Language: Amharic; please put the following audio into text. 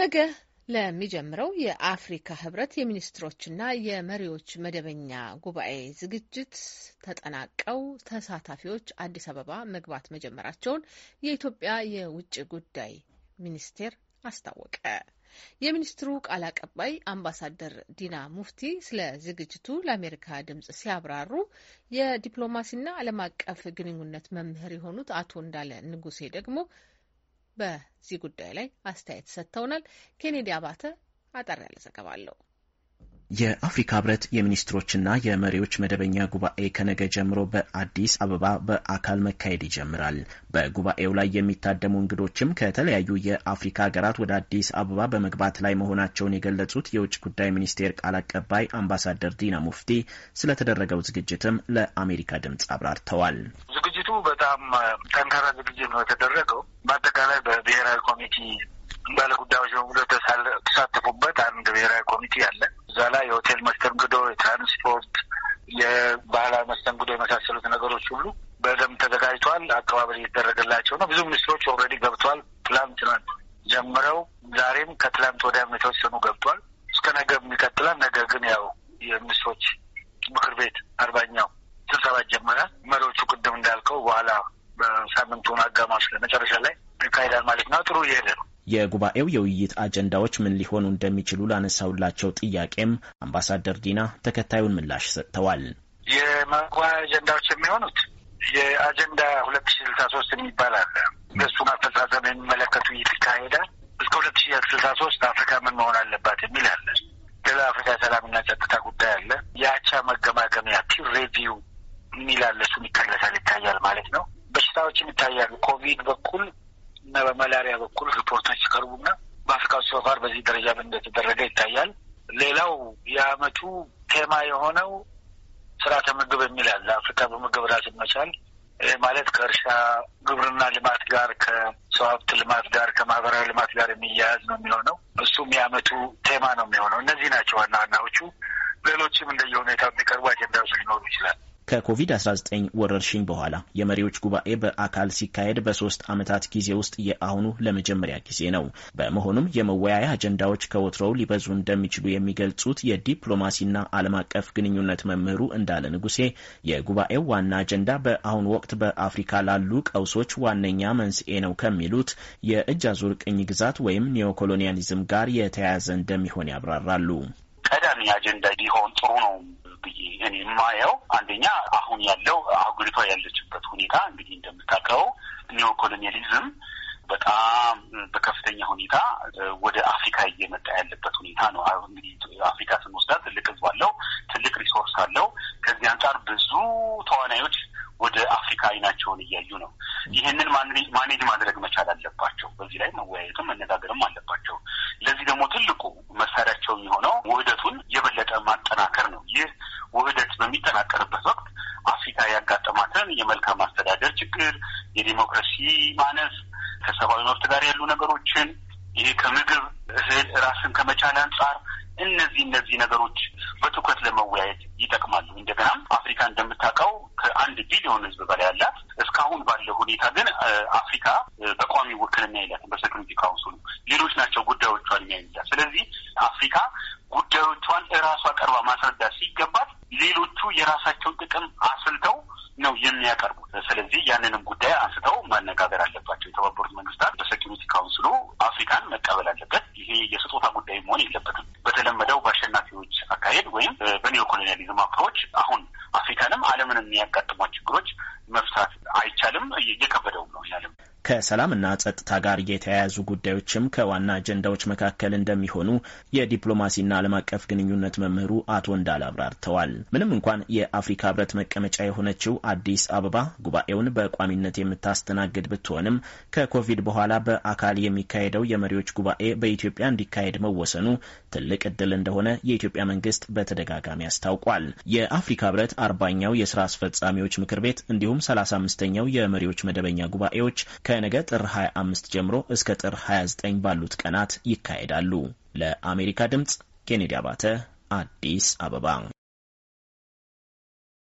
ነገ ለሚጀምረው የአፍሪካ ህብረት የሚኒስትሮችና የመሪዎች መደበኛ ጉባኤ ዝግጅት ተጠናቀው ተሳታፊዎች አዲስ አበባ መግባት መጀመራቸውን የኢትዮጵያ የውጭ ጉዳይ ሚኒስቴር አስታወቀ። የሚኒስትሩ ቃል አቀባይ አምባሳደር ዲና ሙፍቲ ስለ ዝግጅቱ ለአሜሪካ ድምጽ ሲያብራሩ የዲፕሎማሲና ዓለም አቀፍ ግንኙነት መምህር የሆኑት አቶ እንዳለ ንጉሴ ደግሞ በዚህ ጉዳይ ላይ አስተያየት ሰጥተውናል። ኬኔዲ አባተ አጠር ያለ ዘገባ አለው። የአፍሪካ ህብረት የሚኒስትሮችና የመሪዎች መደበኛ ጉባኤ ከነገ ጀምሮ በአዲስ አበባ በአካል መካሄድ ይጀምራል። በጉባኤው ላይ የሚታደሙ እንግዶችም ከተለያዩ የአፍሪካ ሀገራት ወደ አዲስ አበባ በመግባት ላይ መሆናቸውን የገለጹት የውጭ ጉዳይ ሚኒስቴር ቃል አቀባይ አምባሳደር ዲና ሙፍቲ ስለተደረገው ዝግጅትም ለአሜሪካ ድምፅ አብራርተዋል። ዝግጅቱ በጣም ጠንካራ ዝግጅት ነው የተደረገው። በአጠቃላይ በብሔራዊ ኮሚቴ ባለጉዳዮች በሙሉ ተሳተፉበት አንድ ብሔራዊ ኮሚቴ አለ። እዛ ላይ የሆቴል መስተንግዶ፣ የትራንስፖርት፣ የባህላዊ መስተንግዶ የመሳሰሉት ነገሮች ሁሉ በደንብ ተዘጋጅተዋል። አቀባበል እየተደረገላቸው ነው። ብዙ ሚኒስትሮች ኦልሬዲ ገብተዋል። ትላንት ጀምረው ዛሬም ከትላንት ወዲያም የተወሰኑ ገብቷል። እስከ ነገም ይቀጥላል። ነገ ግን ያው የሚኒስትሮች ምክር ቤት አርባኛው መደራጀት ጀመረ። መሪዎቹ ቅድም እንዳልከው በኋላ በሳምንቱን አጋማሽ ለመጨረሻ ላይ ይካሄዳል ማለት ነው። ጥሩ እየሄደ ነው። የጉባኤው የውይይት አጀንዳዎች ምን ሊሆኑ እንደሚችሉ ላነሳውላቸው ጥያቄም አምባሳደር ዲና ተከታዩን ምላሽ ሰጥተዋል። የመጓያ አጀንዳዎች የሚሆኑት የአጀንዳ ሁለት ሺ ስልሳ ሶስት የሚባል አለ። አፈጻጸም የሚመለከቱ ውይይት ይካሄዳል። እስከ ሁለት ሺ ስልሳ ሶስት አፍሪካ ምን መሆን አለባት የሚል አለ። ሌላ አፍሪካ ሰላምና ጸጥታ ጉዳይ አለ። የአቻ መገማገሚያ ፒር ሬቪው የሚል እሱም ይታገሳል ይታያል ማለት ነው። በሽታዎችም ይታያሉ። ኮቪድ በኩል እና በመላሪያ በኩል ሪፖርቶች ሲቀርቡና በአፍሪካ ውስጥ ሶፋር በዚህ ደረጃ እንደተደረገ ይታያል። ሌላው የአመቱ ቴማ የሆነው ስርዓተ ምግብ የሚል አለ። አፍሪካ በምግብ ራስን መቻል ማለት ከእርሻ ግብርና ልማት ጋር ከሰው ሀብት ልማት ጋር ከማህበራዊ ልማት ጋር የሚያያዝ ነው የሚሆነው። እሱም የአመቱ ቴማ ነው የሚሆነው። እነዚህ ናቸው ዋና ዋናዎቹ። ሌሎችም እንደየሁኔታው የሚቀርቡ አጀንዳዎች ሊኖሩ ይችላል። ከኮቪድ-19 ወረርሽኝ በኋላ የመሪዎች ጉባኤ በአካል ሲካሄድ በሶስት ዓመታት ጊዜ ውስጥ የአሁኑ ለመጀመሪያ ጊዜ ነው። በመሆኑም የመወያያ አጀንዳዎች ከወትሮው ሊበዙ እንደሚችሉ የሚገልጹት የዲፕሎማሲና ዓለም አቀፍ ግንኙነት መምህሩ እንዳለ ንጉሴ የጉባኤው ዋና አጀንዳ በአሁኑ ወቅት በአፍሪካ ላሉ ቀውሶች ዋነኛ መንስኤ ነው ከሚሉት የእጅ አዙር ቅኝ ግዛት ወይም ኒዮኮሎኒያሊዝም ጋር የተያያዘ እንደሚሆን ያብራራሉ። ቀዳሚ አጀንዳ ሊሆን ጥሩ ነው ብዬ እኔ የማየው አንደኛ አሁን ያለው አህጉሪቷ ያለችበት ሁኔታ እንግዲህ እንደምታውቀው ኒዮ ኮሎኒያሊዝም በጣም በከፍተኛ ሁኔታ ወደ አፍሪካ እየመጣ ያለበት ሁኔታ ነው። እንግዲህ አፍሪካ ስንወስዳት ትልቅ ህዝብ አለው፣ ትልቅ ሪሶርስ አለው። ከዚህ አንጻር ብዙ ተዋናዮች አይናቸውን እያዩ ነው። ይህንን ማኔጅ ማድረግ መቻል አለባቸው። በዚህ ላይ መወያየትም መነጋገርም አለባቸው። ለዚህ ደግሞ ትልቁ መሳሪያቸው የሚሆነው ውህደቱን የበለጠ ማጠናከር ነው። ይህ ውህደት በሚጠናከርበት ወቅት አፍሪካ ያጋጠማትን የመልካም አስተዳደር ችግር፣ የዲሞክራሲ ማነስ፣ ከሰብአዊ መብት ጋር ያሉ ነገሮችን ይህ ከምግብ እህል ራስን ከመቻል አንጻር እነዚህ እነዚህ ነገሮች በትኩረት ለመወያየት ይጠቅማሉ። እንደገናም አፍሪካ እንደምታውቀው ቢሊዮን ህዝብ በላይ ያላት እስካሁን ባለው ሁኔታ ግን አፍሪካ በቋሚ ውክልና የላትም በሴኩሪቲ ካውንስሉ። ሌሎች ናቸው ጉዳዮቿን የሚያይዛት። ስለዚህ አፍሪካ ጉዳዮቿን እራሷ ቀርባ ማስረዳት ሲገባት ሌሎቹ የራሳቸውን ጥቅም አስልተው ነው የሚያቀርቡት። ስለዚህ ያንንም ጉዳይ አንስተው ማነጋገር አለባቸው። የተባበሩት መንግስታት በሴኪሪቲ ካውንስሉ አፍሪካን መቀበል አለበት። ይሄ የስጦታ ጉዳይ መሆን የለበትም። በተለመደው በአሸናፊዎች አካሄድ ወይም በኒዮኮሎኒያሊዝም አፕሮች አሁን እንደምን የሚያጋጥሟ ችግሮች መፍታት አይቻልም። እየከበደ ከሰላምና ጸጥታ ጋር የተያያዙ ጉዳዮችም ከዋና አጀንዳዎች መካከል እንደሚሆኑ የዲፕሎማሲና ዓለም አቀፍ ግንኙነት መምህሩ አቶ እንዳለ አብራርተዋል። ምንም እንኳን የአፍሪካ ህብረት መቀመጫ የሆነችው አዲስ አበባ ጉባኤውን በቋሚነት የምታስተናግድ ብትሆንም ከኮቪድ በኋላ በአካል የሚካሄደው የመሪዎች ጉባኤ በኢትዮጵያ እንዲካሄድ መወሰኑ ትልቅ እድል እንደሆነ የኢትዮጵያ መንግስት በተደጋጋሚ አስታውቋል። የአፍሪካ ህብረት አርባኛው የስራ አስፈጻሚዎች ምክር ቤት እንዲሁም ሰላሳ አምስተኛው የመሪዎች መደበኛ ጉባኤዎች ከ ከነገ ጥር 25 ጀምሮ እስከ ጥር 29 ባሉት ቀናት ይካሄዳሉ። ለአሜሪካ ድምፅ ኬኔዲ አባተ አዲስ አበባ